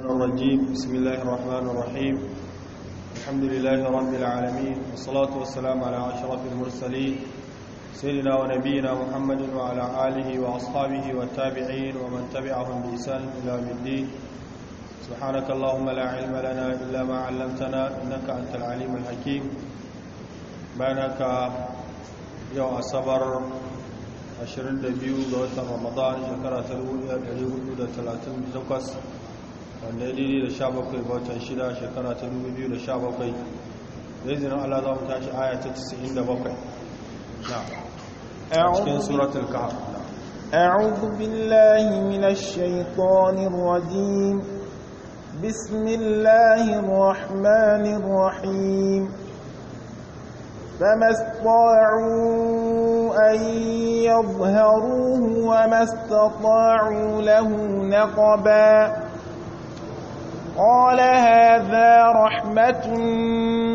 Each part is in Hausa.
الشيطان الرجيم بسم الله الرحمن الرحيم الحمد لله رب العالمين والصلاة والسلام على أشرف المرسلين سيدنا ونبينا محمد وعلى آله وأصحابه والتابعين ومن تبعهم بإحسان إلى يوم الدين سبحانك اللهم لا علم لنا إلا ما علمتنا إنك أنت العليم الحكيم بينك يوم الصبر 22 ga watan Ramadan shekara ta 1438 wanda ya daidai da sha bakwai ga watan shida shekara ta dubu biyu da sha bakwai da izinin Allah za mu tashi aya ta tisa'in da bakwai na cikin suratul kahf أعوذ بالله من الشيطان الرجيم بسم الله الرحمن الرحيم فما استطاعوا أن يظهروه وما استطاعوا له نقباً قال هذا رحمة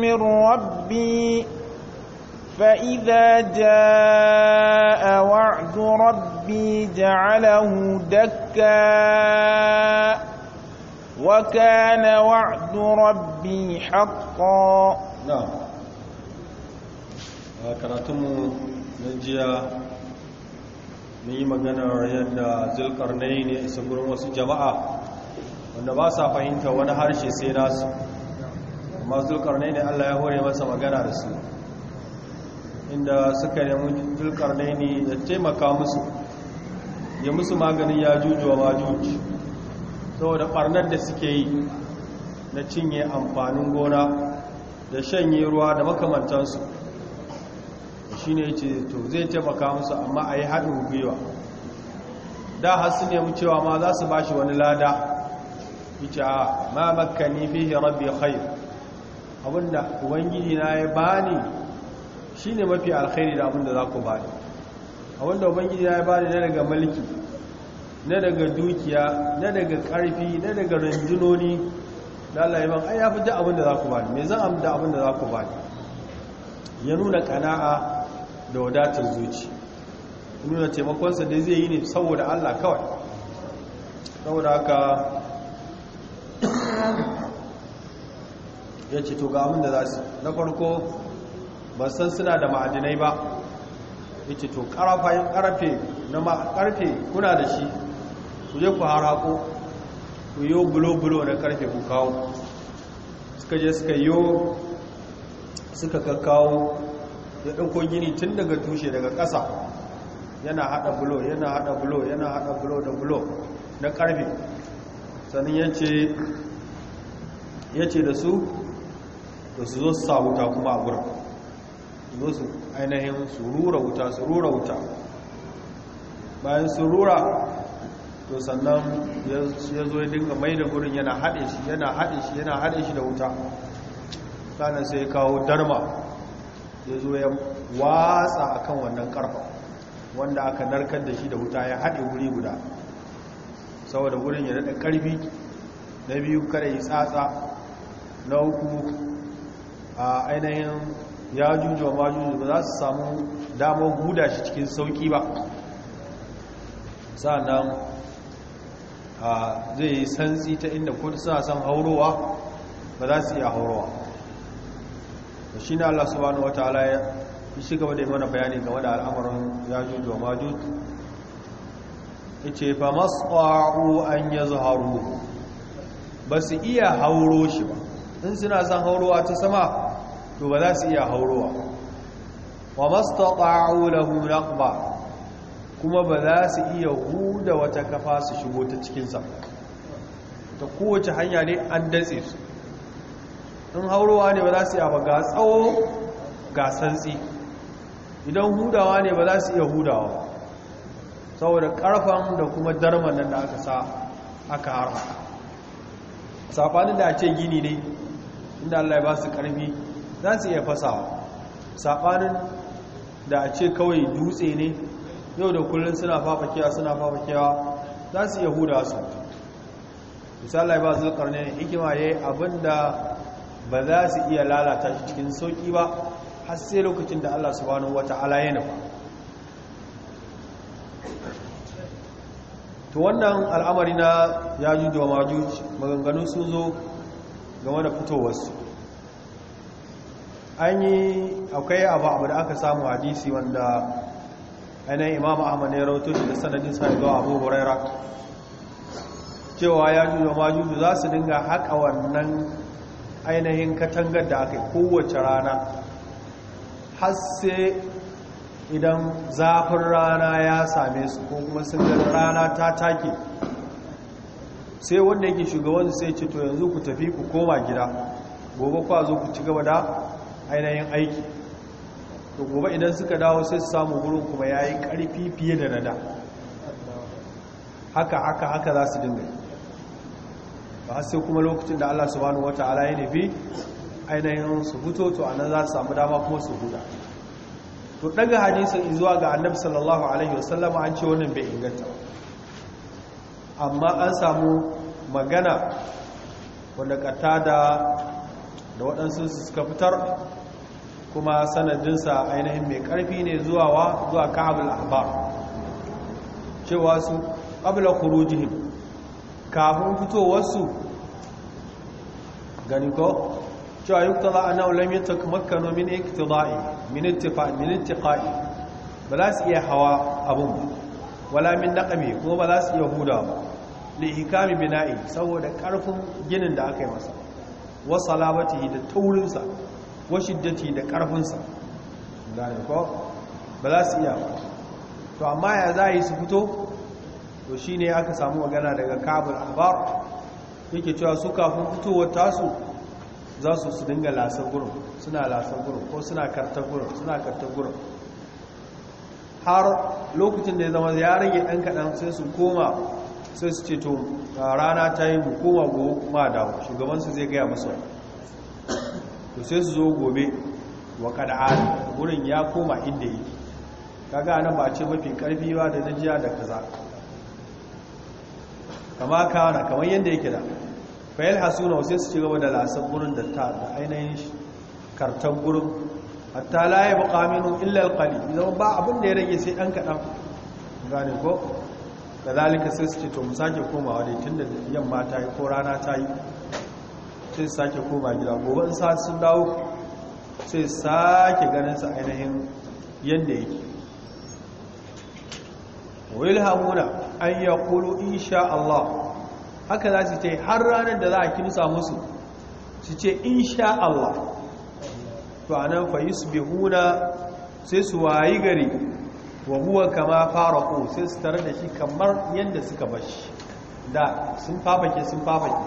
من ربي فإذا جاء وعد ربي جعله دكا وكان وعد ربي حقا نعم آه، كراتم نجيا نيما جنا رهيان ذي القرنين سمبرون وسجماعة wanda ba sa fahimta wani harshe sai nasu masu zulkarnai ne allah ya hore masa magana da su inda suka nemi zulkarnai ne da taimaka musu ya musu maganin ya jujuwa ma juji saboda ƙarnar da suke yi na cinye amfanin gona da shanye ruwa da makamantansu shi ne ce to zai taimaka musu amma a yi haɗin gwiwa da hasu mu cewa ma za su ba shi wani lada ita ma makani fihi rabbi khair abunda ubangiji na ya bani shine mafi alkhairi da abunda za ku bani Abunda ubangiji na ya bani na daga mulki na daga dukiya na daga karfi na daga rundunoni da Allah ya ban ai ya fita abunda za ku bani me zan amda abunda za ku bani ya nuna kana'a da wadatar zuci nuna sa da zai yi ne saboda Allah kawai saboda haka ya ce to ga abin da za su na farko ba san suna da ma'adinai ba ya ce to ƙarafayin ƙarfe na ƙarfe kuna da shi ku je ku harako ku yi bulo-bulo na ƙarfe ku kawo suka je suka yi suka kakkawo ya ko gini tun daga tushe daga ƙasa yana haɗa bulo yana haɗa bulo yana haɗa bulo da bulo na ƙarfe sannan ya ce ya ce da su da su zo sa wuta kuma a wurin zo su ainihin su rura wuta su rura wuta bayan su rura to sannan ya zo ya dinga mai da wurin yana haɗe shi yana haɗe shi yana haɗe shi da wuta sannan sai ya kawo darma ya zo ya watsa a kan wannan ƙarfa wanda aka narkar da shi da wuta ya haɗe wuri guda saboda wurin ya daɗa ƙarfi na biyu kada yi tsatsa na uku a ainihin ya jujuwa ma jujuwa ba za su samu damar guda shi cikin sauki ba sa'annan zai yi santsi ta inda kudu suna son haurowa ba za su iya haurowa da shi na allah subhanahu wa ta'ala ya shi gaba da mana bayani game da al'amarin ya jujuwa ma jujuwa ce fa mas'a'u an yazharu ba su iya hauro shi ba in suna san haurowa ta sama to ba za su iya haurowa wa mastata'u lahu naqba kuma ba za su iya huda wata kafa su shigo ta cikin sa ta kowace hanya ne an datse su in haurowa ne ba za su iya ba ga tsawo ga santsi idan hudawa ne ba za su iya hudawa saboda karfan da kuma darman nan da aka sa aka harfa. safanin da a ce gini ne inda Allah ya ba su karfi za su iya fasawa saɓanin da a ce kawai dutse ne yau da kullum suna fafakewa suna fafakewa za su iya huda su misali ya ba su karni hikima ya yi abin da ba za su iya lalata shi cikin sauƙi ba har sai lokacin da Allah subhanahu wa ta'ala ya nufa to wannan al'amari na yajuj wa majuj sun zo game da fitowarsu an yi akwai abu abu da aka samu hadisi wanda ainihin imamu ahmad ya rautu shi da sanadin sa'izuwa abu huraira cewa ya juju ma juju za su dinga haƙa wannan ainihin katangar da aka yi kowace rana har sai idan zafin rana ya same su ko kuma sun rana ta take sai wanda yake shugabansu sai ce to yanzu ku tafi ku koma gida gobe kwa zo ku ci gaba da ainihin aiki to gobe idan suka dawo sai su samu gurin kuma ya yi ƙarfi fiye da nada haka haka haka za su dinga ba sai kuma lokacin da allah subhanahu wa ta'ala ya nufi ainihin su fito to a nan za su samu dama kuma su huda to daga hadisin zuwa ga annabi sallallahu alaihi wasallam an ce wannan bai inganta amma an samu magana wanda kata da waɗansu suka fitar kuma sanadinsa ainihin mai ƙarfi ne zuwa wa zuwa ka'abul ahbar cewa su qabla khurujihim kafin fitowarsu gani ko cewa yuktala annahu lam yatamakkanu min iktida'i min ittifa'i miniti ƙa'i ba za su iya hawa abin ba wala min naƙami, kuma ba za su iya huda ba lihikami bina'i saboda karfin ginin da aka yi masa wa salamatihi da taurinsa wa shiddati da karfinsa gane ko ba za su iya ba to amma ya za yi su fito to shi ne aka samu magana daga kabul abar yake cewa su kafin fitowar tasu za su su dinga lasar gurin suna lasar gurin ko suna karta gurin suna karta gurin har lokacin da ya zama ya rage ɗan kaɗan sai su koma sai su ce to rana ta yi mu kowa ma dawo shugabansu zai gaya masa to sai su zo gobe wa kad'an wurin ya koma inda yi kaga nan ba ce mafi karfi ba da najiya da kaza kama kawana kamar yadda yake da fayil hasuna sai su ci gaba da lasar gurin da ta da ainihin kartan gurin hatta laye bukaminu buƙaminu illa alqali ba abin da ya rage sai dan kaɗan gane ko da dalika sai su ce to mu sake komawa dai tun da yamma ta yi ko rana ta yi sai sake koma gida gobe in sa sun dawo sai sake ganin sa ainihin yadda yake hamuna an ya kulu insha Allah haka za su ce har ranar da za a kimsa musu su ce insha Allah to anan fa yusbihuna sai su wayi gari wa huwa kama faraqu sai su tare da shi kamar yadda suka bashi da sun fafake sun fafake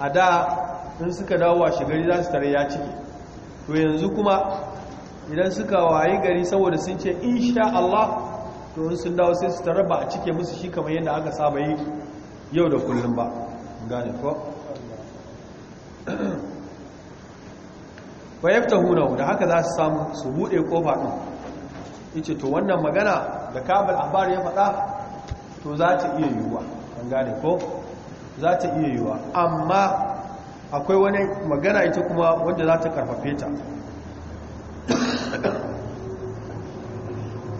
a da in suka dawo a shigari za su tare ya cike to yanzu kuma idan suka wayi gari saboda sun ce insha Allah to in sun dawo sai su tare ba a cike musu shi kamar yadda aka saba yi yau da kullum ba gane ko wa yaftahuna da haka za su samu su bude kofa din ce to wannan magana da kabul ambar ya faɗa to za ta iya yiwuwa an gane ko za ta iya yiwuwa amma akwai wani magana ita kuma wanda za ta karfafe ta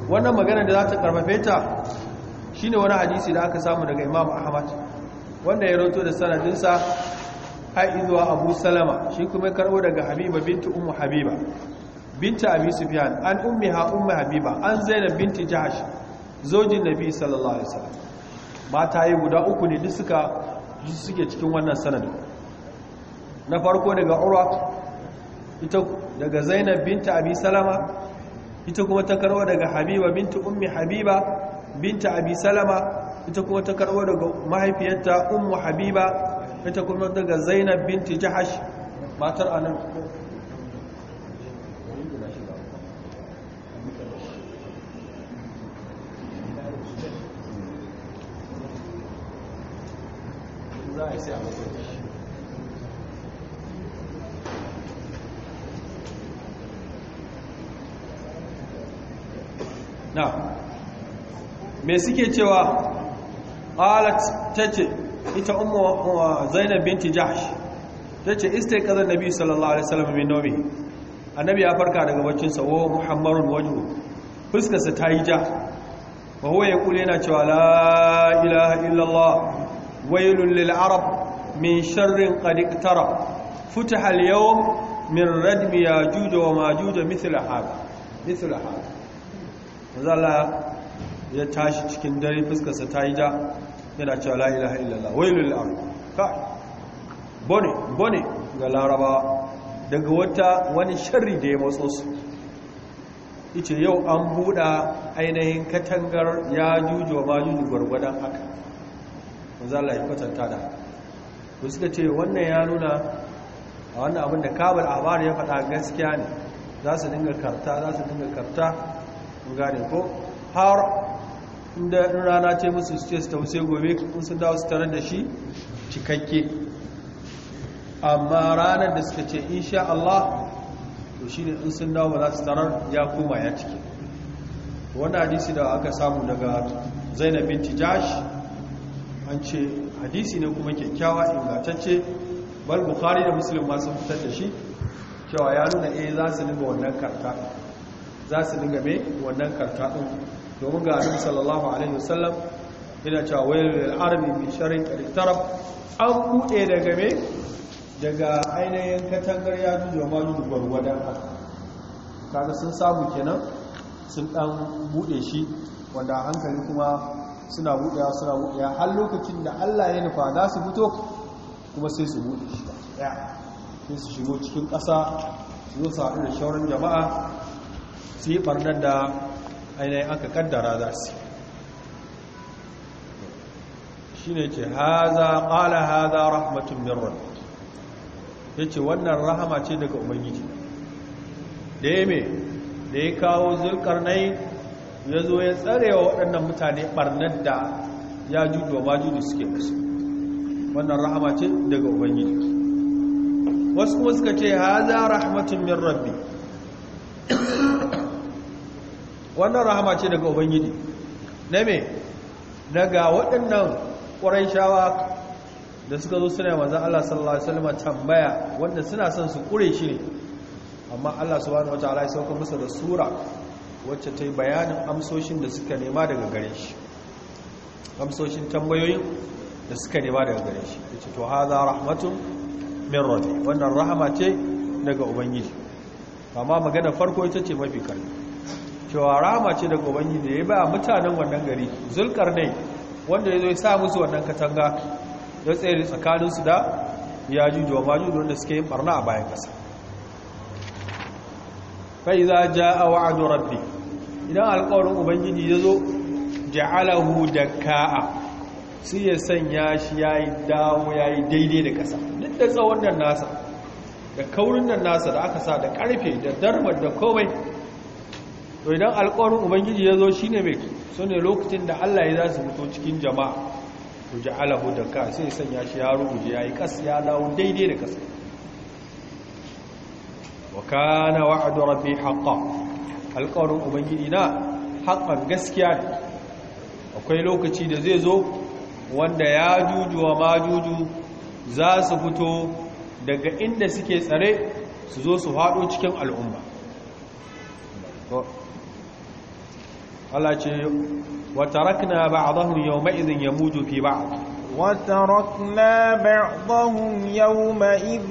wannan magana da za ta karfafe ta ne wani hadisi da aka samu daga imam ahmad wanda ya roto da sanadinsa a izuwa abu salama shi kuma karo daga habiba bintu umu habiba binta abi sufyan an ummiha ummu habiba an zainab binti jahash zojin nabi sallallahu alaihi wasallam mata yi guda uku ne duk suka duk suke cikin wannan sanad na farko daga urwa ita daga zainab binta abi salama ita kuma ta karwa daga habiba binta ummi habiba binta abi salama ita kuma ta karwa daga mahaifiyarta ummu habiba ita kuma daga zainab binti jahash matar anan ai sai a matsayi na me suke cewa ta ce ita wa zainab binti jahsh tace kazan nabi sallallahu alaihi wasallam min nawmi annabi ya farka daga baccin sa wa muhammadun wajhu fuskarsa ta yi ja wa huwa yaqulu yana cewa la ilaha illallah Wai lil arab min sharrin qad iqtarab futiha al yawm min radmi yajuj wa majuj mithla hada mithla hada ya tashi cikin dare fuskarsa ta yi ja yana cewa la ilaha illallah wailul arab kai bone bone ga larabawa daga wata wani sharri da ya matso su ice yau an buɗa ainihin katangar ya juju wa majuju gwargwadon haka za Allah ya kwatanta da ku suka ce wannan ya nuna a wannan abin da kabar bari ya faɗa gaskiya ne za su dinga karta za su dinga karta ku gane ko har inda rana ce musu su ce su tausaye gobe kun sun dawo su tarar da shi cikakke amma ranar da suka ce insha Allah to shi ne in sun dawo ba za su tarar ya koma ya cike wani hadisi da aka samu daga zainab bin jash an ce hadisi ne kuma kyakkyawa ingantacce bal bukari da musulun ma sun fitar da shi cewa ya nuna eh za su dinga wannan karta za su dinga mai wannan karta ɗin domin ga annabi sallallahu alaihi wasallam yana cewa wayar da arabi min sharri qartarab an kude daga mai daga ainihin katangar ya juju ma juju gwargwadon haka kaga sun samu kenan sun ɗan bude shi wanda hankali kuma suna buɗewa suna buɗewa har lokacin da Allah ya nufa za su fito kuma sai su buɗe shi ɗaya sai su shigo cikin ƙasa su zo su haɗu da shauran jama'a su yi ɓarnar da ainihin aka kaddara za su shi ne ce haza ƙala haza rahmatun birnin ya ce wannan rahama ce daga ubangiji da ya me da ya kawo yi. ya zo ya tsarewa waɗannan mutane ɓarnar da ya judu ba judu suke musu wannan rahama ce daga ubangiji wasu kuma suka ce haza rahmatun min rabbi wannan rahama ce daga ubangiji na me daga waɗannan ƙwarai shawa da suka zo suna manzan Allah sallallahu Alaihi wasallam tambaya wanda suna son su ƙure shi ne amma Allah subhanahu wa ta'ala ya sauka musu da sura wacce ta yi bayanin amsoshin da suka nema daga gare shi amsoshin tambayoyin da suka nema daga gare shi ya ce to haza rahmatun min rote wannan rahama ce daga ubangiji amma magana farko ita ce mafi karni cewa rahama ce daga ubangiji da ya ba mutanen wannan gari ne wanda ya zo ya sa musu wannan katanga ya tsere tsakaninsu da ya jujuwa don wanda suke yin barna a bayan kasa fai za ja a wa'adu rabbi idan alƙawarin ubangiji ya zo ja'alahu da ka'a su ya sanya shi ya yi dawo ya yi daidai da ƙasa duk da tsawon nan nasa da kaurin nan nasa da aka sa da ƙarfe da darmar da komai to idan alƙawarin ubangiji ya zo shi ne mai so ne lokacin da allah ya za su fito cikin jama'a to ja'alahu da ka'a sai ya sanya shi ya rubuje ya yi ƙasa ya dawo daidai da ƙasa wa kana wa'du Rabi haƙa, alƙawarin ubangiji na haƙan gaskiya ne akwai lokaci da zai zo wanda ya juju wa ma juju za su fito daga inda suke tsare su zo su haɗo cikin al'umma Allah ce wata rakna ba a zahun yau ma'izin ya mutu fi ba a وتركنا بعضهم يومئذ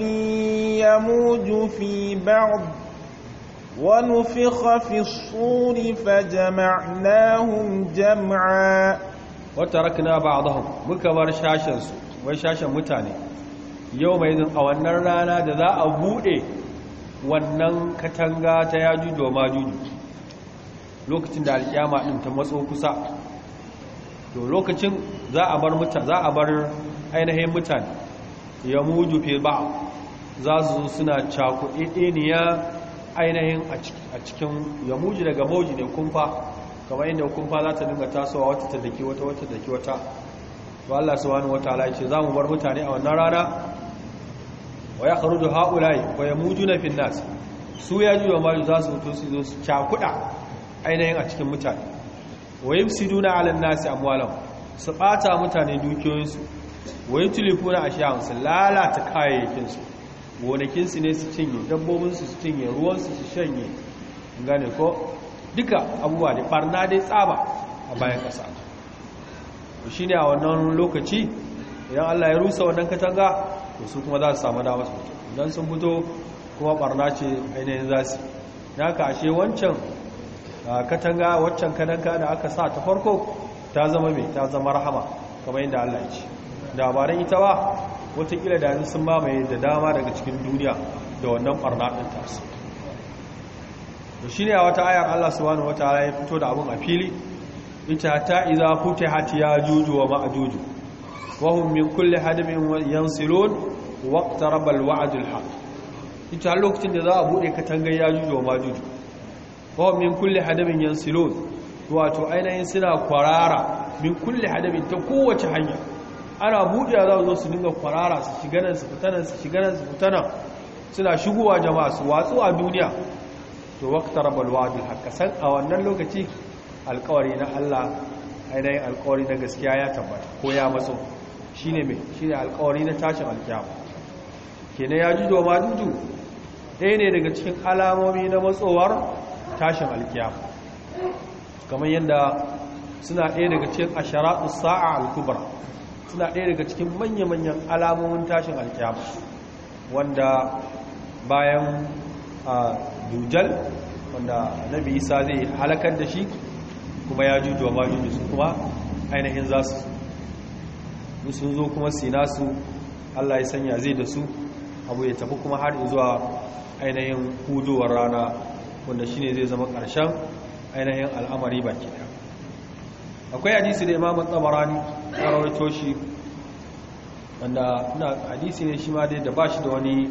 يموج في بعض ونفخ في الصور فجمعناهم جمعا وتركنا بعضهم مكبر شاشنسو وشاشن متاني يومئذ أولنا رانا دذا أبوئي wannan katanga ta yajuju wa majuju lokacin da alƙiyama ɗin ta matso kusa to lokacin za a bar mutane za a bar ainihin mutane ya muju fi ba za su suna cakuɗeɗeniya ainihin a cikin ya muji daga mauji ne kumfa kamar inda kumfa za ta dinga tasowa wata ta daki wata wata daki wata ba Allah wani wata ala ce za mu bar mutane a wannan rana wa ya kharuju haulai wa muju fin finnas su ya ji wa maju za su mutu su zo su cakuɗa ainihin a cikin mutane su duna alan nasi amwalan su bata mutane dukiyoyinsu wa yutlifuna a su lalata kayayyakinsu gonakinsu ne su cinye dabbobinsu su cinye ruwansu su shanye gane ko duka abubuwa da barna dai tsaba a bayan kasa shi ne a wannan lokaci idan Allah ya rusa wannan katanga to su kuma za su samu damar su fito idan sun fito kuma barna ce ainihin za su ka ashe wancan A katanga waccan kananka da aka sa ta farko ta zama mai ta zama rahama kamar yadda Allah ce dabaran ita ba watakila da yanzu sun mamaye da dama daga cikin duniya da wannan barna ɗin tasu da shi ne a wata ayar Allah su wani wata ya fito da abin a fili ita ta iza hati ya juju wa ma'ajuju wahun min kulle hadimin yansilun waqtaraba ita lokacin da za a buɗe katangar ya juju wa ma'ajuju wa min kulli hadabin yansilun wato ainihin suna kwarara min kulli hadabin ta kowace hanya ana buɗe za su dinga kwarara su shiga nan su fita nan su shiga nan su fita nan suna shigowa jama'a su watsu a duniya to waqtar balwadil hakka san a wannan lokaci alƙawari na Allah ainihin alƙawari na gaskiya ya tabbata ko ya maso shine me shine alƙawari na tashin alkiyama kenan ya juju ma dudu? ɗaya ne daga cikin alamomi na matsowar tashin alkiya kamar yadda suna ɗaya daga cikin ashara sa'a alkubar suna ɗaya daga cikin manya-manyan alamomin tashin alkiya wanda bayan a dujal wanda nabi isa zai halakar da shi kuma ya juju wa majuju su kuma ainihin za su sun zo kuma sina su allah ya sanya zai da su abu ya tafi kuma har zuwa ainihin hudowar rana wanda shine zai zama ƙarshen ainihin al'amari baki ɗaya akwai hadisi da imamu tsabarani ya rawaito shi wanda na hadisi ne shi ma dai da ba shi da wani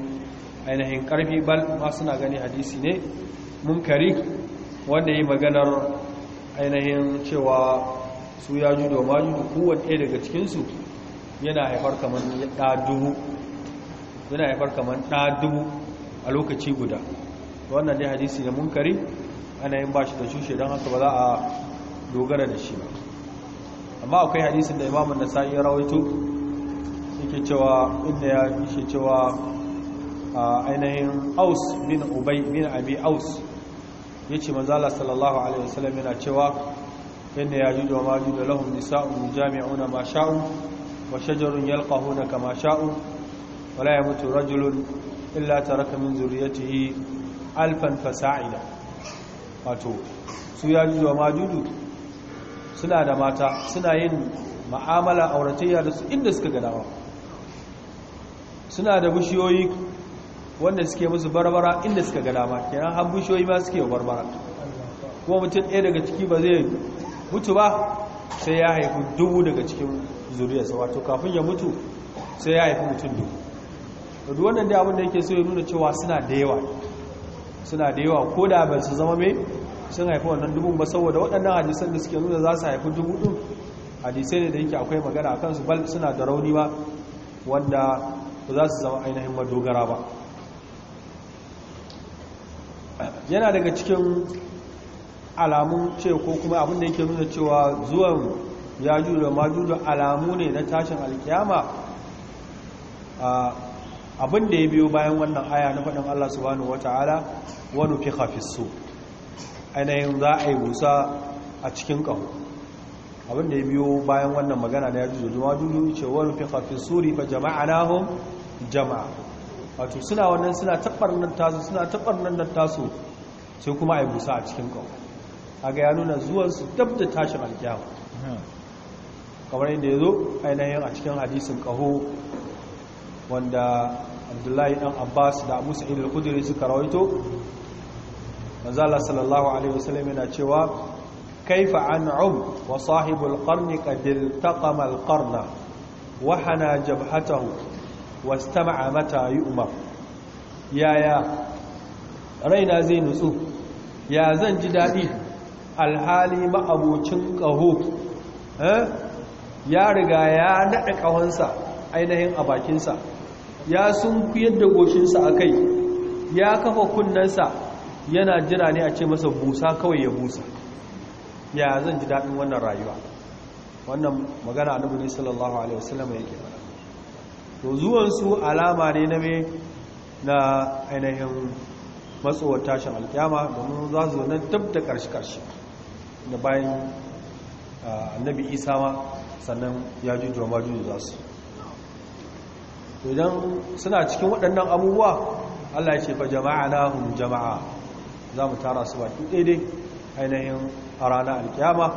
ainihin ƙarfi bal ma suna gani hadisi ne munkari wanda yi maganar ainihin cewa su ya judo ma judo kowane ɗaya daga cikinsu yana haifar kamar ɗa yana haifar kamar ɗa dubu a lokaci guda wannan ne hadisi da munkari ana yin bashi da shushe don haka ba za a dogara da shi ba amma akwai hadisin da imamun nasa'i ya rawaito yake cewa inda ya yake cewa ainihin aus bin obai bin abi aus ya yace manzala sallallahu alaihi wasallam yana cewa inda ya juju wa maju da lahum nisa'un jami'una ma sha'u wa shajarun yalqahuna kama sha'u wala ya mutu rajulun illa taraka min yi. alfan fasa'ida wato su ya ji wa majudu suna da mata suna yin ma'amala auratayya da su inda suka gadawa suna da bishiyoyi wanda suke musu barbara inda suka ga dama kenan har bishiyoyi ma suke barbara kuma mutum ɗaya daga ciki ba zai mutu ba sai ya haifi dubu daga cikin zuriyarsa wato kafin ya mutu sai ya haifi mutum dubu duk wannan dai abin da yake so ya nuna cewa suna da yawa suna da yawa ko da ba su zama mai sun haifi wannan dubun ba saboda waɗannan hadisan da suke nuna za su haifi dubu ɗin hadisai ne da yake akwai magana a kansu bal suna da rauni ba wanda ba za su zama ainihin madogara ba yana daga cikin alamun ce ko kuma abin da yake nuna cewa zuwan ya juda majuda alamu ne na tashin alkiyama abin da ya biyo bayan wannan aya na faɗin Allah subhanahu wata'ala wa nufiha fis-sur ainihin za a yi busa a cikin ƙahu abin da ya biyo bayan wannan magana na ya juju juma juju ce wa nufiha rifa jama'a na jama'anahum jama'a wato suna wannan suna nan tasu suna taɓar nan tasu sai kuma a yi busa a cikin a ga ya nuna zuwansu dab da tashin alkiyama kamar yadda ya zo ainihin a cikin hadisin ƙahu wanda abdullahi ɗan abbas da abu sa'id al-khudri suka rawaito manzo Allah sallallahu alaihi wasallam yana cewa kaifa um wa sahibul qarni qad iltaqama al-qarna wa hana jabhatahu wastama'a mata yu'mar yaya raina zai nutsu ya zan ji daɗi alhali ma'abocin ƙaho eh? ya riga ya naɗa ƙahonsa ainihin a bakinsa ya sun kuyar da goshinsa a kai ya kafa kunnensa yana jira ne a ce masa busa kawai ya busa ya zan ji daɗin wannan rayuwa wannan magana annabi ne sallallahu alaihi wasallam yake fara to zuwansu alama ne na me na ainihin matsowar tashin alkiyama domin za su nan tab da karshe-karshe da bayan ah, annabi isa ma sannan ya jujuwa majuju za su idan suna cikin waɗannan abubuwa Allah ya ce fa jama'anahum jama'a za mu tara su baki daidai ainihin a ranar alkiyama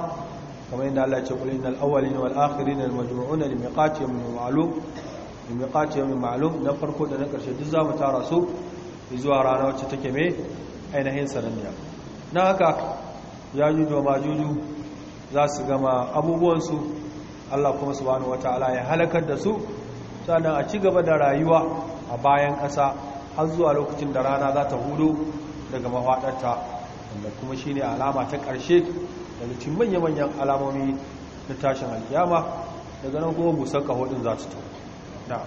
kamar yadda Allah ya ce kulin al'awwalin wal akhirin al majmu'un li miqati yawmin ma'lum li miqati ma'lum na farko da na karshe duk za mu tara su zuwa rana wacce take mai ainihin sananniya na haka ya juju ba juju za su gama abubuwansu Allah kuma subhanahu wataala ya halakar da su sannan a ci gaba da rayuwa a bayan ƙasa har zuwa lokacin da rana za ta hudu daga mafaɗarta wanda kuma shi ne alama ta ƙarshe daga cin manya-manyan alamomi na tashin alkiyama daga nan kuma busar hudun za su na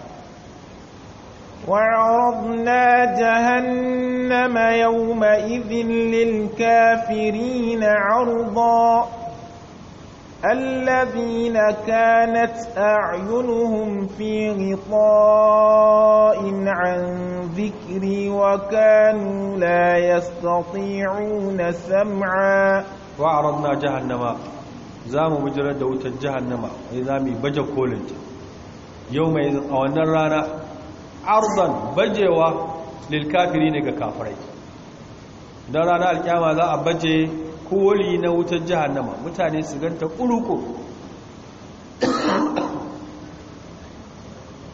وعرضنا جهنم يومئذ للكافرين عرضاً الذين كانت أعينهم في غطاء عن ذكري وكانوا لا يستطيعون سمعا وعرضنا جهنم زام مجرد دوت جهنم مي بجا كولج يوم إذن أولنا رانا عرضا بجوا للكافرين كافرين درانا الكامة ذا بجي koli na wutar nama, mutane su ganta kuruku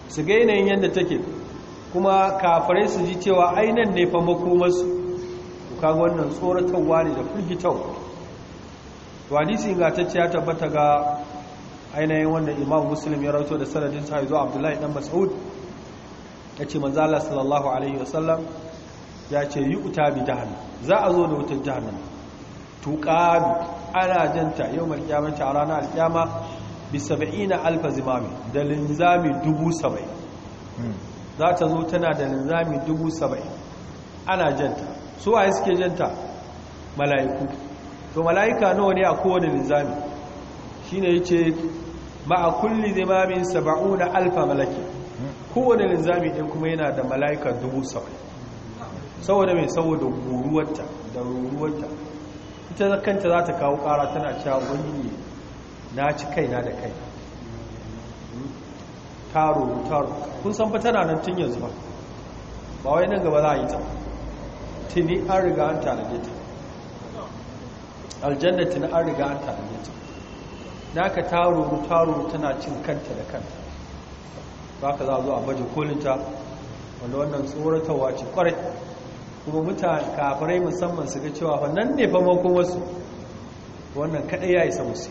su ga yanayin yadda take kuma kafirai su ji cewa ainihin ne fa makomarsu kaga wannan tsoratarwa ne da firgitau to hadisi ya tabbata ga ainihin wanda imam muslim ya rauto da sanadin sa zuwa abdullahi dan mas'ud ya ce manzala sallallahu alaihi wasallam ya ce yi uta bi jahannam za a zo da wutar nama. tuqadu ana janta yau qiyamati a ranar alqiyama bi 70 alfa zimami da linzami 70 hmm. za ta zo tana da linzami 70 ana janta su waye suke janta mala'iku to mala'ika nawa ne a kowane linzami ce yace ma'a kulli zimami 70 alfa malaki hmm. kowane linzami ɗin kuma yana da mala'ika 70 saboda mai saboda guruwarta da ruruwarta ita kanta za ta kawo kara tana cewa wani ne na ci kaina da kai taro taro kun san tana nan tun yanzu ba ba wai nan gaba za a yi ta tuni an riga an tarage ta aljanna tuni an riga an tarage ta na ka taro taro tana cin kanta da kanta ba ka za a zo a baje kolinta wanda wannan tsoratarwa ce kwarai kuma mutane kafirai musamman su ga cewa wannan ne fa wasu, wannan kaɗai ya isa musu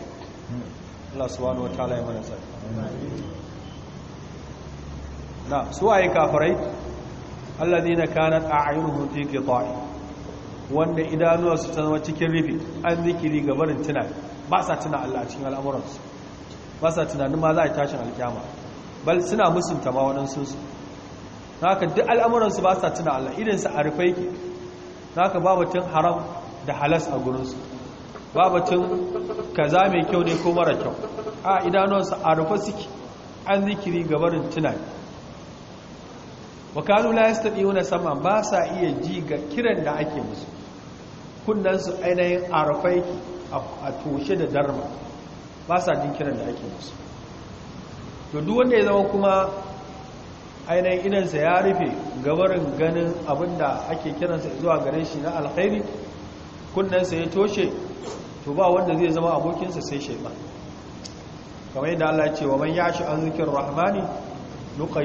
Allah subhanahu wataala ya mana tsari na su waye kafirai alladhina kanat a'yunuhum fi qita'i wanda idanuwarsu ta zama cikin rufe an zikiri ga barin tuna ba sa tuna Allah a cikin al'amuransu ba sa tunanin ma za a tashin alkyama bal suna musunta ma waɗansu su haka duk al'amuransu ba sa tuna Allah idansu a rufe yake haka babacin haram da halas a gurinsu babatun kaza mai kyau ne ko mara kyau a idanuwansu a rufe suke an zikiri gabarin tunani wakalu la yastadi wani saman ba sa iya ji ga kiran da ake musu kundansu ainihin a rufe a toshe da darma ba sa jin kiran da ake musu to duk wanda ya zama kuma ainihin idansa ya rufe gabarin ganin abinda ake kiransa zuwa gare shi na alkhairi kunnensa ya toshe to ba wanda zai zama abokinsa sai shaitan kamar yadda Allah ce wa man yashi an zikin rahmani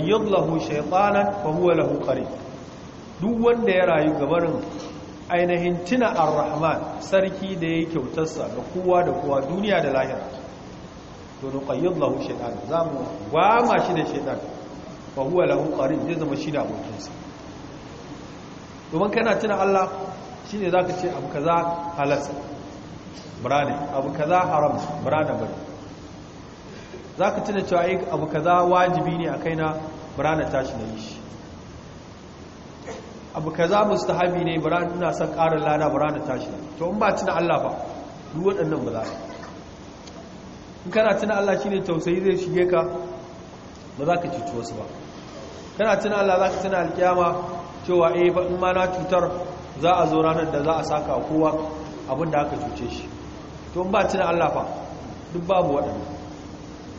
yi lahu shaytanan ba huwa lahu kare. duk wanda ya rayu gabarin ainihin tuna ar-rahman sarki da ya kyautarsa ga kowa da kowa duniya da lahira to nuqayyid lahu za mu gwama shi da shaytan fahuwa huwa lahu zai zama shi da abokinsa domin kana tuna Allah shi ne za ka ce abu kaza halarsa. Birane abu kaza haram brane Za ka tuna cewa ai abu kaza wajibi ne kai na birane tashi na yi shi abu kaza habi ne birane ina son ƙarin lada birane tashi to in ba tuna Allah ba duk waɗannan ba za in kana tuna Allah shi ne tausayi zai shige ka ba za ka cuci wasu ba kana tuna Allah za ka tuna alkiyama cewa eh ba in ma na cutar za a zo ranar da za a saka kowa abin da aka cuce shi to in ba tuna Allah fa duk babu waɗanda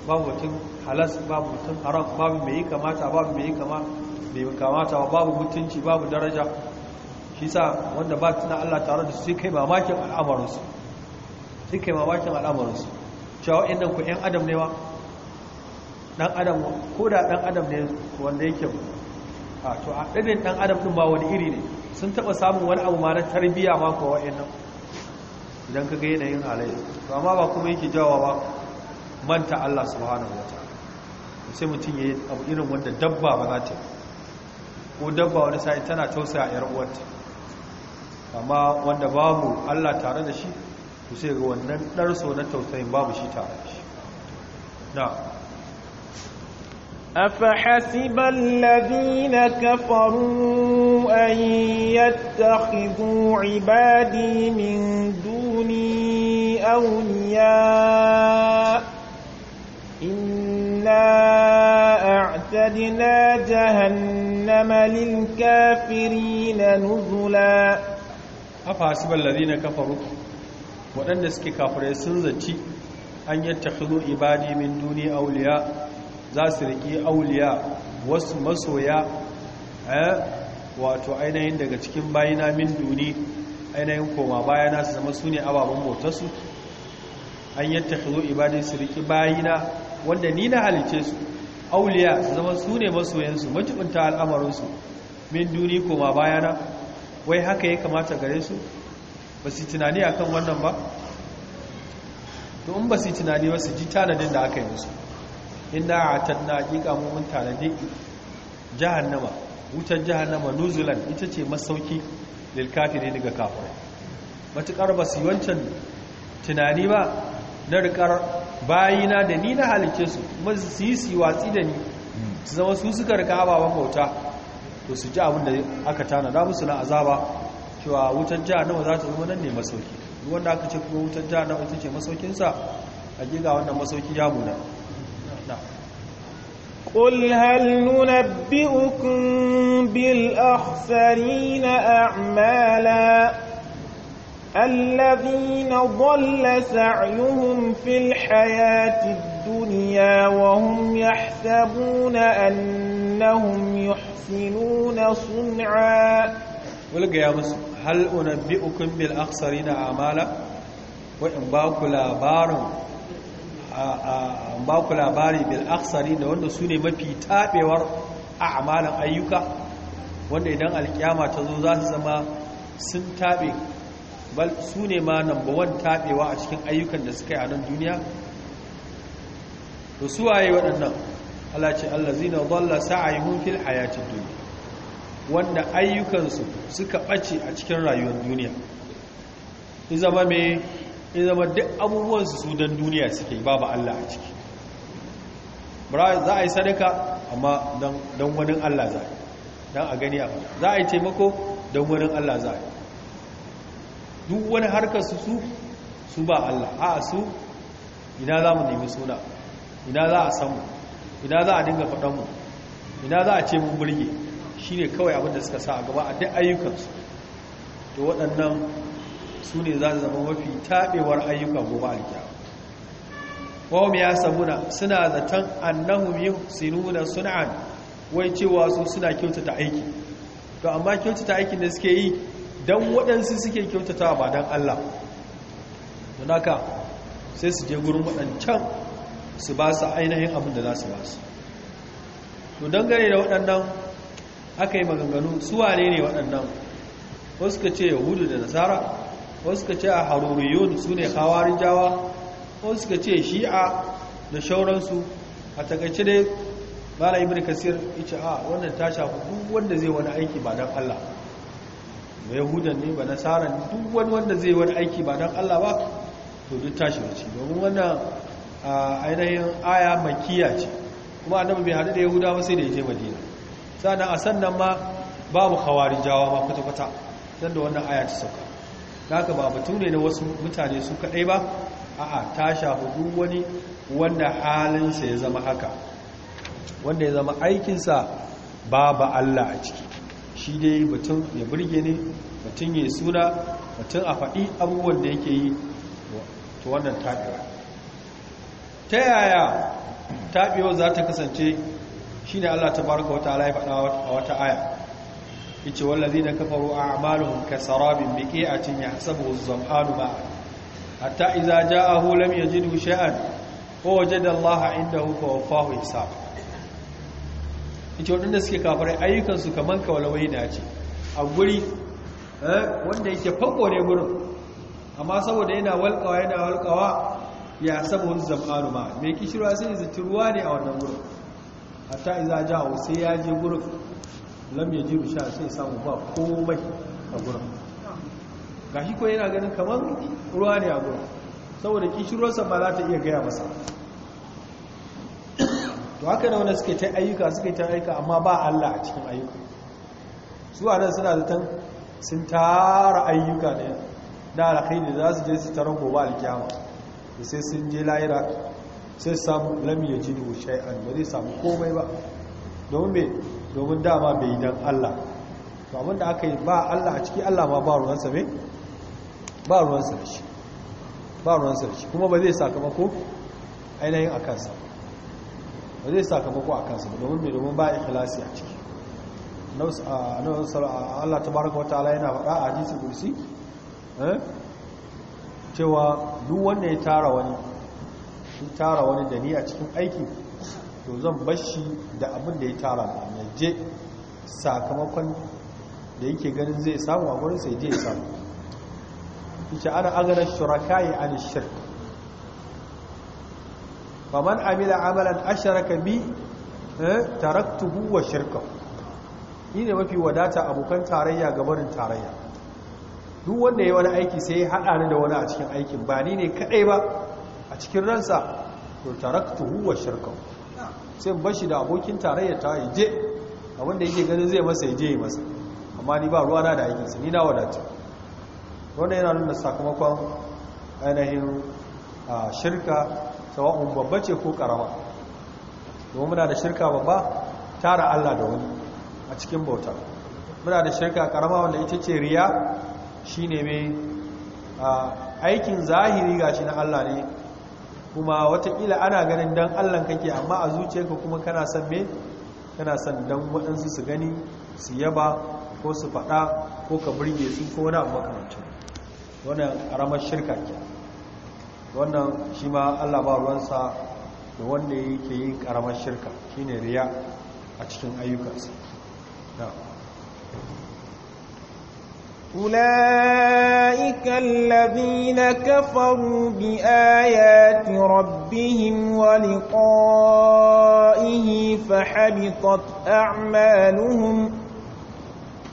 babu mutum halas babu mutum haram babu mai kamata babu mai kama mai kamata babu mutunci babu daraja shi sa wanda ba tuna Allah tare da su sai kai mamakin al'amarinsu sai kai mamakin al'amarinsu cewa inda ku 'yan adam ne ba. dan adam ko da dan adam ne wanda yake a to a ɗanin dan adam ɗin ba wani iri ne sun taɓa samun wani abu ma na tarbiyya ma ko wa'annan idan ka ga yanayin halayya to amma ba kuma yake jawa ba manta Allah subhanahu wa ta'ala sai mutum yayi abu irin wanda dabba ba za ta ko dabba wani sai tana tausaya yar uwarta amma wanda babu Allah tare da shi to sai ga wannan darso na tausayin babu shi tare da shi na'am أفحسب الذين كفروا أن يتخذوا عبادي من دوني أولياء إنا أعتدنا جهنم للكافرين نزلا أفحسب الذين كفروا وأن نسكي كافرين سنزتي أن يتخذوا عبادي من دوني أولياء za su riƙi auliya wasu masoya eh, wato ainihin daga cikin bayina min duni ainihin koma bayana su zama su ne ababen motarsu an yadda kazo ibadin su riƙi bayina wanda ni na halice su auliya su zama su ne masoyansu majibinta al'amarinsu min duni koma bayana wai haka ya kamata gare su ba su tunani akan wannan ba to in ba su tunani ba su ji tanadin da aka yi musu inna atanna hakika mu mun tanadi jahannama wutar jahannama nuzulan ita ce masauki lil kafirin daga kafirai matukar ba su wancan tunani ba na rikar bayina da ni na halice su kuma su yi su watsi da ni su zama su suka rika ababen bauta to su ji abin da aka tana da musu na azaba cewa wutar jahannama za ta zama nan ne masauki wanda aka ce kuma wutar jahannama ita ce masaukinsa hakika wannan masauki ya muna قل هل ننبئكم بالأخسرين أعمالا الذين ضل سعيهم في الحياة الدنيا وهم يحسبون أنهم يحسنون صنعا ولقى يا مسلم هل أنبئكم بالأخسرين أعمالا وإن باكوا لابارهم ba ku labari bil aksari da wanda su ne mafi taɓewar a amalan ayyuka wanda idan alkiyama ta zo za su zama sun taɓe bal su ne ma namba wani taɓewa a cikin ayyukan da suka yi a nan duniya Da su waye waɗannan Allah ce Allah zina dalla fil hayatid dunya wanda ayyukansu suka ɓace a cikin rayuwar duniya zama mai ya zama duk abubuwansu su don duniya suke babu Allah a ciki za a yi sadaka amma don wani Allah za a yi don a gani abu za a yi taimako don wani Allah za a yi duk wani harkar su su su ba Allah a su ina za mu nemi suna ina za a samu ina za a dinga faɗanmu ina za a ce mun burge shi ne kawai abinda suka sa a gaba a duk ayyukansu to waɗannan su ne za su zama mafi taɓewar ayyuka gobe alkiyama wahum ya sabuna suna zaton annahum sinuna sun'an wai cewa su suna kyautata aiki to amma kyautata aiki da suke yi dan waɗansu suke kyautatawa ba dan Allah don haka sai su je gurin waɗancan su ba su ainihin abin da za su ba su to dangane da waɗannan aka yi maganganu su wane ne waɗannan wasu ka ce yahudu da nasara wasu ka ce a haruriyun su ne jawa wasu ka ce shi'a da shauransu a takaice dai mala ibn kasir ice a ah, wannan ta shafi duk wanda zai wani aiki ba don allah ba yahudan ne ba nasaran duk wani wanda zai wani aiki ba don allah ba to duk ta shiga ci domin wannan ainihin aya makiya ce kuma annabi bai haɗu da ba sai da ya je madina sannan a sannan ma babu jawa ma kwata-kwata don da wannan aya ta sauka haka ba batu ne na wasu mutane su kaɗai ba a'a ta shafi duk wani wanda halinsa ya zama haka wanda ya zama aikinsa babu Allah a ciki shi dai ya burge ne batun ya suna batun a faɗi abubuwan da yake yi to wannan taɓewa ta yaya taɓewa za ta kasance shi ne Allah ta baraka wata laifaɗa a wata aya yace da kafaru a'maluhum kasarabin biqi'atin yahsabuhu az-zamhanu ma'a hatta idza ja'ahu lam yajidhu shay'an fa wajada Allah 'indahu fa wafahu hisab yace wadanda suke kafirai ayyukan su kaman kawalawai da ce a guri eh, wanda yake fako ne gurin amma saboda yana walƙawa yana walƙawa ya sabu az-zamhanu ba. me kishirwa sai ruwa ne a wannan gurin hatta idza ja'ahu sai ya je gurin lam ya jiru sha sai samu ba komai a gurin ga shi ko yana ganin kamar ruwa ne a gurin saboda kishirwarsa ba za ta iya gaya masa to haka da wanda suke ta ayyuka suke ta ayyuka amma ba Allah a cikin ayyuka su a nan suna zaton sun tara ayyuka ne na alkhairi da za su je su tarar gobe alkiyama da sai sun je layira sai samu jini wa shai'an ba zai samu komai ba domin me domin dama bai yi don Allah to abinda aka yi ba Allah a ciki Allah ma ba ruwansa ne ba ruwansa da shi ba ruwansa da shi kuma ba zai sakamako ainihin a kansa ba zai sakamako a kansa domin mai domin ba a ikilasi a ciki Allah ta baraka wata ala yana faɗa a hadisi kursi eh? cewa duk wanda ya tara wani shi tara wani da ni a cikin aiki to zan bashi da abin da ya tara da je sakamakon da yake ganin zai samu a gurin sai je samu ita ana agana shuraka'i an shirk fa man amila amalan asharaka bi eh, taraktuhu wa shirka ni ne mafi wadata abokan tarayya ga barin tarayya duk wanda ya wani aiki sai ya haɗa ni da wani a cikin aikin ba ni ne kaɗai ba a cikin ransa to taraktuhu wa shirka sai bashi da abokin tarayya ta je abinda yake ganin zai masa ya je masa amma ni ba ruwa na da aikinsa ni na wadatu wanda yana nuna sakamakon ainihin shirka sawa'un babba ce ko karama domin muna da shirka babba tara Allah da wani a cikin bauta muna da shirka karama wanda ita ce riya shi ne mai aikin zahiri ga shi na Allah ne kuma watakila ana ganin don Allah kake amma a zuciyarka kuma kana son mai kana son dan waɗansu su gani su yaba ko su faɗa ko ka burge su ko wani abu makamancin wannan ƙaramar shirka ke wannan shi ma allah ba ruwansa da wanda yake yin ƙaramar shirka shine riya a cikin ayyukansa أولئك الذين كفروا بآيات ربهم ولقائه فحبطت أعمالهم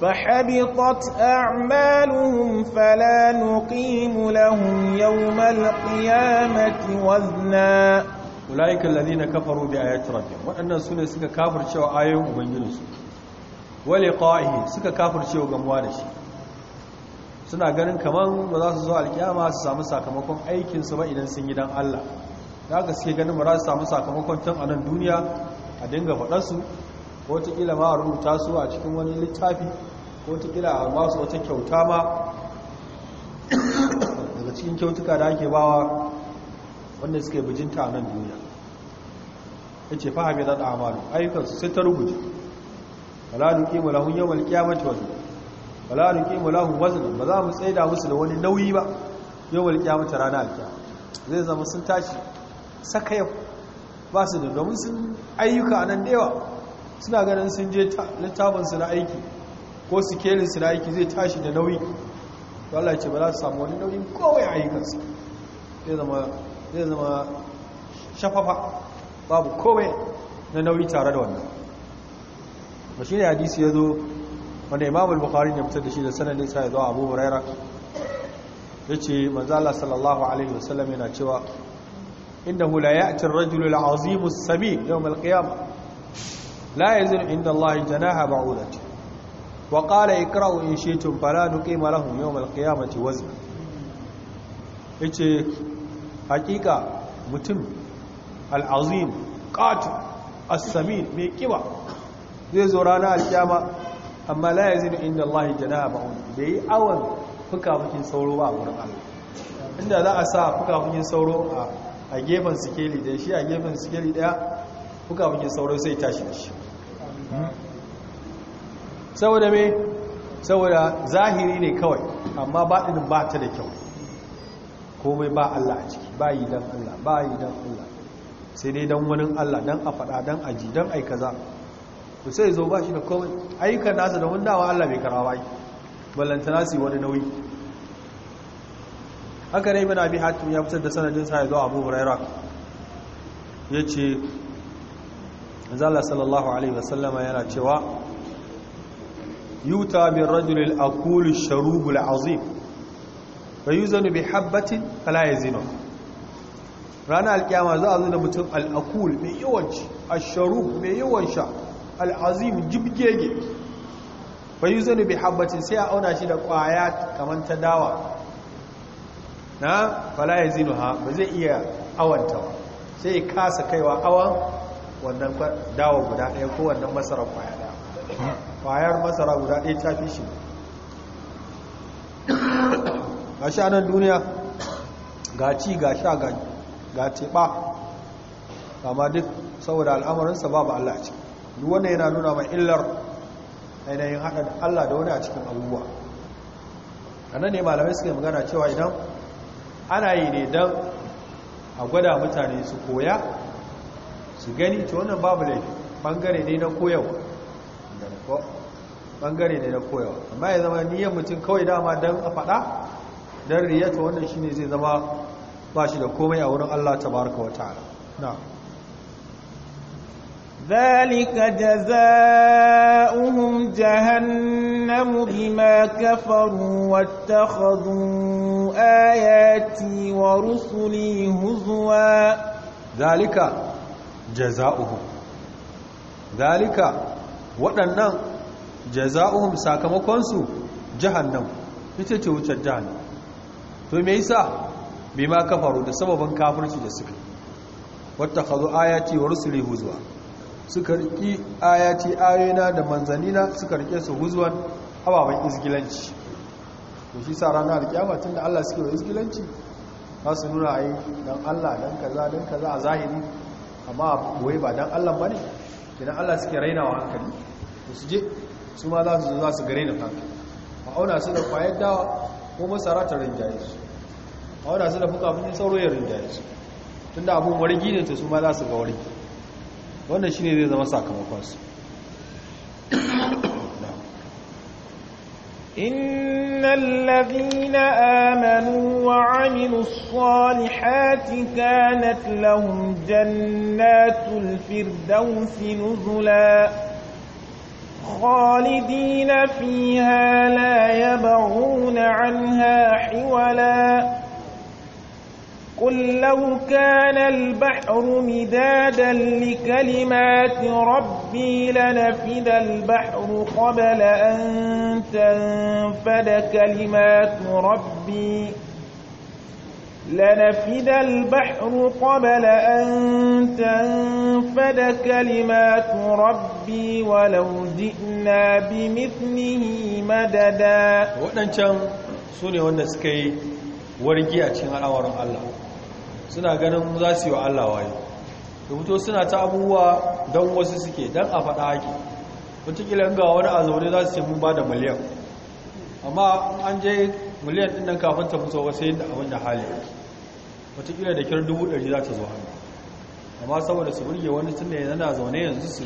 فحبطت أعمالهم فلا نقيم لهم يوم القيامة وزنا أولئك الذين كفروا بآيات ربهم وأن سنة سكا كافر شو آيهم وبنجلسوا ولقائه سكا كافر شو غموانشي suna ganin kaman ba za su zo alkiyama su samu sakamakon aikinsu ba idan sun yi don Allah da aka suke ganin ba za su samu sakamakon tun a nan duniya a dinga faɗarsu ko wataƙila ma a rubuta su a cikin wani littafi ko wataƙila a masu wata kyauta ma daga cikin kyautuka da ake bawa wanda suke bijinta a nan duniya ya ce fahimta da amalu ayyukansu sai ta rubuce wala nuƙi lahun yau kyamata wajen wala nuqimu lahu wazna ba za mu tsaida musu da wani nauyi ba yawmal mutu rana alkiya zai zama sun tashi sakaya ba su da domin sun ayyuka nan da yawa suna ganin sun je littafin su na aiki ko kelin su na aiki zai tashi da nauyi to Allah ce ba za su samu wani nauyin kowai ayyukansu zai zama zai zama shafafa babu kowai na nauyi tare da wannan ba shi ne hadisi ya zo wanda imam al-bukhari ya fitar da shi da sanadin sa zuwa abu huraira yace manzo Allah sallallahu alaihi wasallam yana cewa inda la ya'ti ar-rajulu al-azim as-sami yawm al-qiyamah la yazin inda Allah janaha ba'udat wa qala ikra'u in shi'tum fala nuqima lahum yawm al-qiyamati wazna yace hakika mutum al-azim qatil as-sami mai kiba zai zo rana al-qiyama amma la da inda Allah ba wani bai yi awon fukafukin sauro ba a wurin Allah inda za a sa fukafukin sauro a gefen sikeli da shi a gefen sikeli daya fukafukin sauro sai tashi da shi hmm? saboda me saboda zahiri ne kawai amma baɗinin ba ta da kyau komai ba Allah a ciki ba yi don Allah ba yi don Allah sai dai don wani Allah don a faɗa don aji don aikaza to sai zo ba shi da komai ayyukan nasa da wundawa Allah bai karawa yi ballantana su wani nauyi haka ne ibn bi hatim ya fitar da sanadin sa ya zo abu huraira yace zalla sallallahu alaihi wasallama yana cewa yuta min rajul al-aqul ash-sharub azim fa yuzanu bi habatin fala yazinu Ranar alkiyama za a zo da mutum al mai yawanci ash-sharub mai yawan sha al'azim jibgege fa yi zanu bi habbacin sai a auna shi da kwaya kamar ta dawa na fala ya zinu ha ba zai iya awanta ba sai ya kasa kaiwa awan wannan dawa guda ɗaya ko wannan masara kwaya ɗaya kwayar masara guda ɗaya ta fi shi a sha nan duniya ga ci ga sha ga teɓa amma duk saboda al'amarinsa babu Allah ce. duk wanda yana nuna mai illar ainihin haɗa Allah da wani a cikin abubuwa a nan ne malamai suke magana cewa idan ana yi ne don a gwada mutane su koya su gani ta wannan babu laifi ɓangare ne na koyawa ɓangare ne na koyawa amma ya zama niyyar mutum kawai dama don a faɗa don riyata wannan ne zai zama ba shi da komai a wurin Allah ta baraka wata na ذلك جزاؤهم جهنم بما كفروا واتخذوا آياتي ورسلي هزوا ذلك جزاؤهم ذلك waɗannan jaza'uhum sakamakonsu jahannam ita ce wucin jahannam to me yasa bima kafaru da sababin kafirci da suka wattakhadhu suka riƙi ayati ayoyina da manzanina suka riƙe su huzuwan ababen izgilanci to shi sa ranar alƙiyama tun da Allah suke wa izgilanci ba su nuna a yi don Allah don kaza don kaza a zahiri amma boye ba don Allah ba ne idan Allah suke raina wa hankali to su je su ma za su zo za su gare na kanka a auna su da kwayar dawa ko masara ta rinjaye su a auna su da fuka fukin sauro ya rinjaye su tun da abun wargi ne to su ma za su ga wargi wannan shine zai zama sakamakon su إن الذين آمنوا وعملوا الصالحات كانت لهم جنات الفردوس نزلا خالدين فيها لا يبغون عنها حولا قل لو كان البحر مدادا لكلمات ربي لنفد البحر قبل أن تنفد كلمات ربي لنفد البحر قبل أن تنفد كلمات ربي ولو جئنا بمثله مددا waɗancan سوني ne wanda suka yi wargi a suna ganin za su yi wa Allah waye da fito suna ta abubuwa don wasu suke don a faɗa haƙi wataƙila ga wani a zaune za su ce mun ba da miliyan amma an je miliyan ɗin nan kafin ta fito wasu yin da abin da hali wataƙila da kyar dubu ɗari za ta zo hannu amma saboda su burge wani tun da yana zaune yanzu su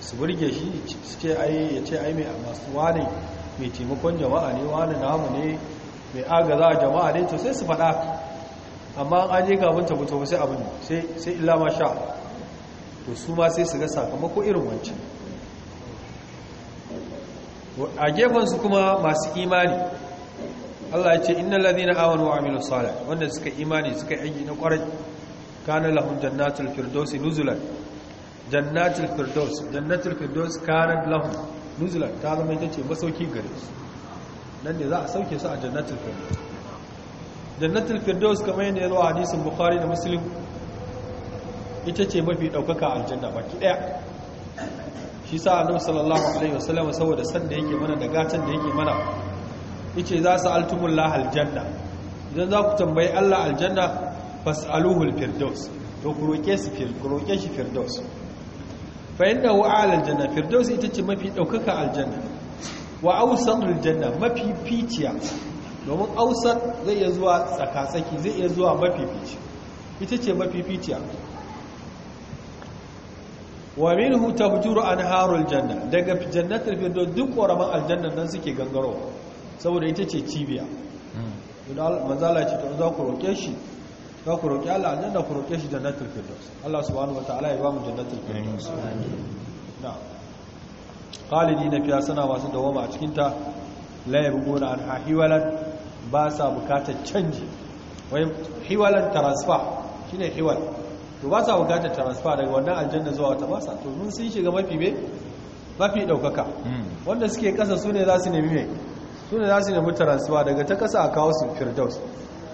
su burge shi su ce ai ya ce ai mai masu wane mai taimakon jama'a ne wane namu ne mai agaza jama'a ne to sai su faɗa amma an je kafin ta fito sai abin sai illa ma sha to su ma sai su ga sakamako irin wancan a su kuma masu imani Allah ya ce inna ladina amanu wa amilu salih wanda suka imani suka yi na kwarai kana lahum jannatul firdausi nuzulan jannatul firdaus jannatul firdaus kana lahum nuzulan ta zama ita ce masauki gare su nan ne za a sauke su a jannatul firdaus jannatul firdaus kamar yadda ya zo a hadisin bukhari da muslim ita ce mafi ɗaukaka aljanna baki ɗaya shi sa annabi sallallahu alaihi wasallam saboda san da yake mana da gatan da yake mana yace za su altumullah aljanna idan za ku tambayi Allah aljanna fas'aluhu alfirdaus to ku roke su fil ku roke shi firdaus fa innahu a'la aljanna firdaus ita ce mafi ɗaukaka aljanna wa awsat janna mafi fitiya domin ausar zai iya zuwa tsakatsaki zai iya zuwa mafifici ita ce mafificiya wa minhu tabjuru anharul janna daga jannatul firdaus duk ƙoraman aljanna nan suke gangaro saboda ita ce cibiya hmm. manzala ce to za ku roƙe shi za ku roƙi Allah aljanna ku roƙe shi jannatul firdaus Allah subhanahu wataala ya ba mu jannatul firdaus na qalidina fiha sana masu dawama a cikin ta la yabghuna an hiwalan ba sa bukatar canji wai hiwalan transfer shine hiwal to ba sa bukatar transfer daga wannan aljanna zuwa wata ba sa to mun sun shiga mafi me mafi daukaka hmm. wanda suke kasa su ne za su nemi me su ne za su nemi transfer daga ta kasa a kawo su firdaus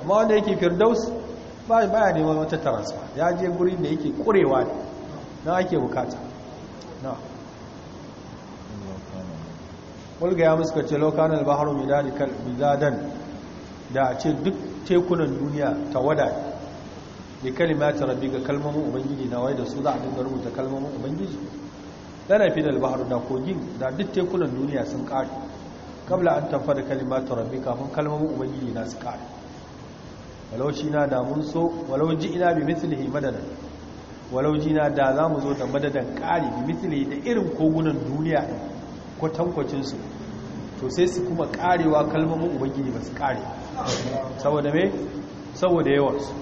amma wanda yake firdaus ba ya neman wata transfer ya je guri da yake kurewa ne na ake bukata na mulga ya muskace lokanar baharu midadan da a ce duk tekunan duniya ta wada da kalimata rabbi ga kalmomin ubangiji na wai da su za a dinga rubuta kalmomin ubangiji yana fi da albahar da kogin da duk tekunan duniya sun ƙari kabla an tafa da kalimata rabbi kafin kalmomin ubangiji na su ƙari walau shi na da mun so walau ji ina bi mislihi madadan walau ji na da za mu zo da madadan kare bi mislihi da irin kogunan duniya kwatankwacinsu to sai su kuma karewa kalmomin ubangiji ba su kare saboda me saboda yawansu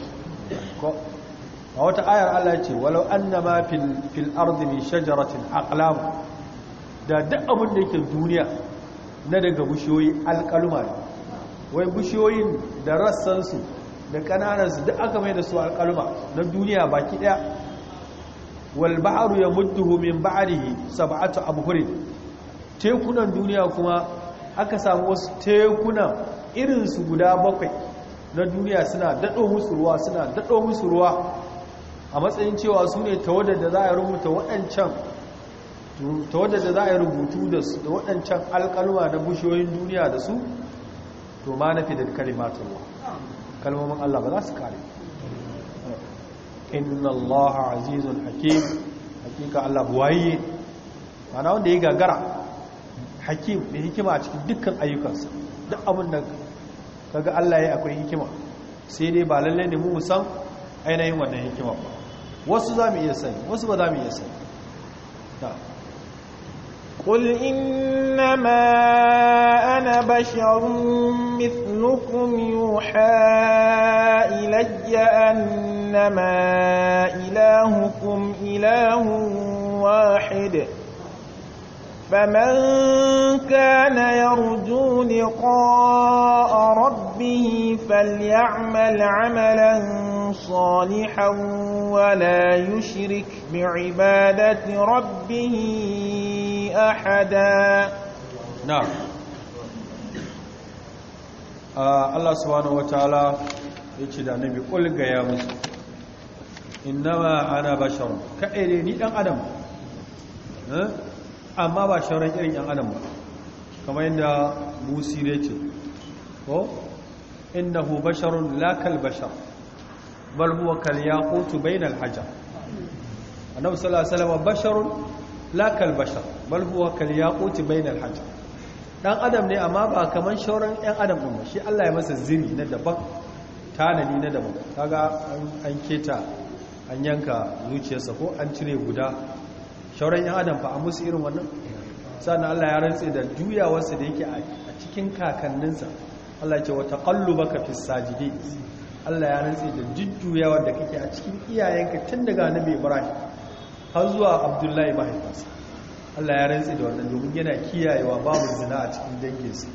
a wata ayar Allah ce walau annama fil ardi min shajaratin aqlam da duk abin da yake duniya na daga bishiyoyi alƙaluma ne wai bushiyoyin da rassansu da ƙananansu duk aka mai da su alkaluma na duniya baki ɗaya wal ba'ru yamudduhu min ba'rihi sab'atu abhurin tekunan duniya kuma aka samu wasu tekuna irinsu guda bakwai na duniya suna daɗo musu ruwa suna daɗo musu ruwa a matsayin cewa su ne tawadar da za a rubuta waɗancan tawadar da za a rubutu da su da waɗancan alƙalma na bushiyoyin duniya da su to ma na da kalimatar ruwa kalmomin Allah ba za su kare inna Allah azizun hakim hakika Allah buwaye mana wanda ya gagara hakim mai hikima a cikin dukkan ayyukansa duk abin da kaga Allah ya akwai hikima sai dai ba lalle ne mu san ainihin wannan hikima ba wasu za mu iya sani wasu ba za mu iya sani قل إنما أنا بشر مثلكم يوحى إلي أنما إلهكم إله واحد فمن كان يرجو لقاء ربه فليعمل عملا صالحا ولا يشرك بعبادة ربه أحدا نعم آه، الله سبحانه وتعالى يقول لك يا مسلم إنما أنا بشر كأيني أن أدم ها amma ba shauran irin yan adam ba kamar yadda musi ne ce ko hu basharun lakal bashar bal huwa kal yaqutu bainal haja. annabi sallallahu alaihi wasallam basharun lakal bashar bal huwa kal yaqutu bainal hajar dan adam ne amma ba kaman shauran yan adam ba shi Allah ya masa zini na daban tanani na daban kaga an keta an yanka zuciyarsa ko an cire guda shauran yan adam fa a musu irin wannan sannan Allah ya rantse da juyawarsa da yake a cikin kakanninsa Allah ce wata ka fi sajidin Allah ya rantse da jujjuyawar da kake a cikin iyayenka tun daga Annabi Ibrahim har zuwa Abdullahi mahaifinsa Allah ya rantse da wannan domin yana kiyayewa babu zina a cikin danginsa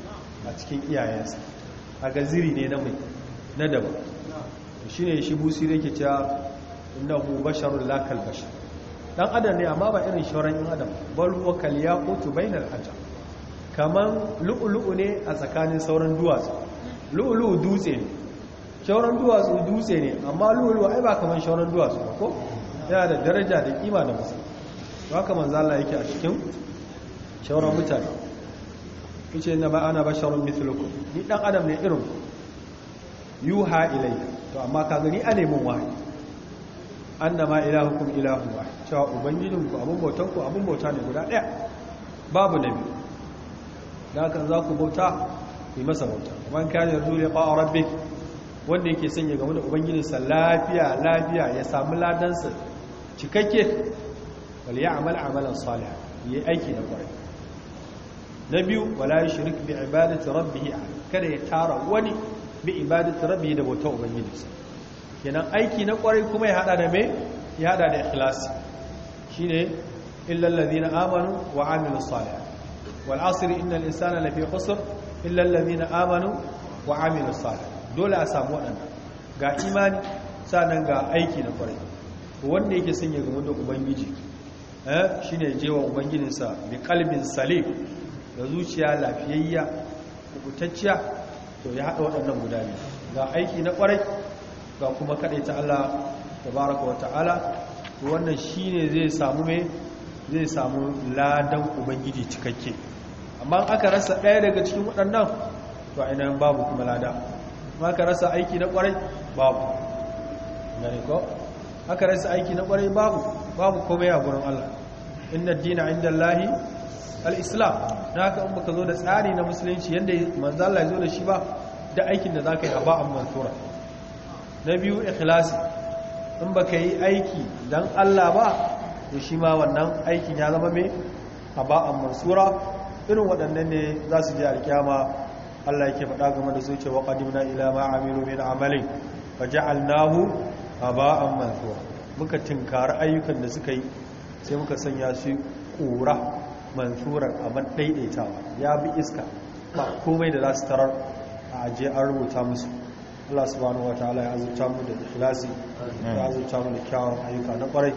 a cikin iyayensa a gaziri ne na mai na daban ne shi busi yake cewa innahu basharul lakal bashar dan adam ne amma ba irin shauran yin adam bal huwa kal kutu bainal hajar kaman lu'lu'u ne a tsakanin sauran duwatsu lu'lu'u dutse ne shauran duwatsu dutse ne amma lu'lu'u ai ba kaman shauran duwatsu ba ko yana da daraja da kima da musu to haka manzo Allah yake a cikin shauran mutane kace na ba ana ba basharun mithlukum ni dan adam ne irin yuha ilayya to amma ka gani a neman wahayi annama ilahukum ilahu wahid cewa ubangijinku abin bautan ku abin bauta ne guda daya babu biyu da kan za ku bauta yi masa bauta kuma man kana ya liqa rabbi wanda yake son ya gamu da ubangijinsa lafiya lafiya ya samu ladansa cikakke wal amal amalan ya yi aiki da kwarai na biyu wala yushrik bi ibadati rabbihi kada ya tara wani bi ibadati rabbihi da bautar ubangijinsa kenan aiki na kwarai kuma ya hada da me ya hada da ikhlasi shine illal ladina amanu wa amilu salih wal asr innal insana lafi khusr illal ladina amanu wa amilu salih dole a samu wadannan ga imani sanan ga aiki na kwarai wanda yake sanya ga gamu ubangiji eh shine jewa ubanginsa bi qalbin salih da zuciya lafiyayya kubutacciya to ya hada waɗannan guda biyu ga aiki na kwarai ga kuma ta Allah tabaraka wa ta'ala wannan shine zai samu me zai samu ladan ubangiji cikakke amma aka rasa ɗaya daga cikin waɗannan to ainihin babu kuma lada amma aka rasa aiki na ƙwarai babu gane ko aka rasa aiki na ƙwarai babu babu komai a gurin Allah inna dina inda lahi al'islam na haka in baka zo da tsari na musulunci yadda manzo Allah ya zo da shi ba da aikin da ka yi a ba'an mansura na biyu ikhlasi in baka yi aiki don Allah ba to shi ma wannan aikin ya zama me ba'an mansura irin waɗannan ne za su je alkyama Allah yake faɗa game da su cewa na ila ma min amalin a ba'an mansura muka tinkari ayyukan da suka yi sai muka sanya su ƙura mansurar abin daidaitawa ya bi iska ba komai da za su tarar a aje an rubuta musu Allah subhanahu wa ta'ala ya azurta mu da ikhlasi ya azurta mu da kyawun ayyuka na kwarai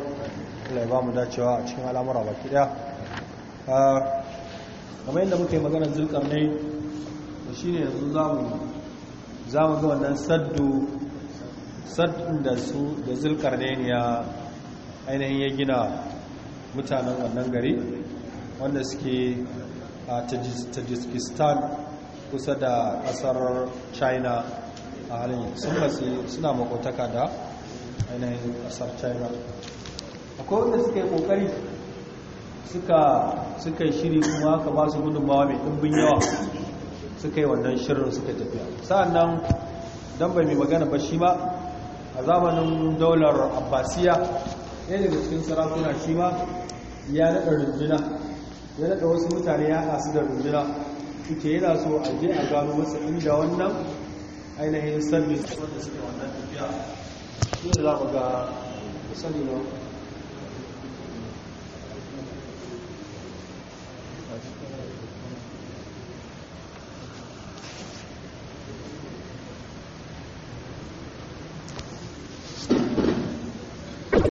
Allah ya ba mu dacewa a cikin al'amura baki daya ah, kamar yadda muke maganar zulkarnai to shine yanzu za mu ga wannan saddu saddun da su da zulkarnai ne ya ainihin ya gina mutanen wannan gari wanda suke a ah, tajikistan kusa da kasar china a halin sun masu suna makotaka da ainihin kasar china akwai wanda suka yi kokari suka yi shiri kuma aka ba su gudunmawa mai ɗumbin yawa suka yi wannan shirin suka tafiya sa'an nan don bai mai magana ba shi ma a zamanin daular abbasiya ɗaya daga cikin sarakuna shi ma ya naɗa runduna ya naɗa wasu mutane ya asu da runduna suke yana so a je a gano wasu inda wannan ainihin service wanda suke wannan tafiya su ne za mu ga sani na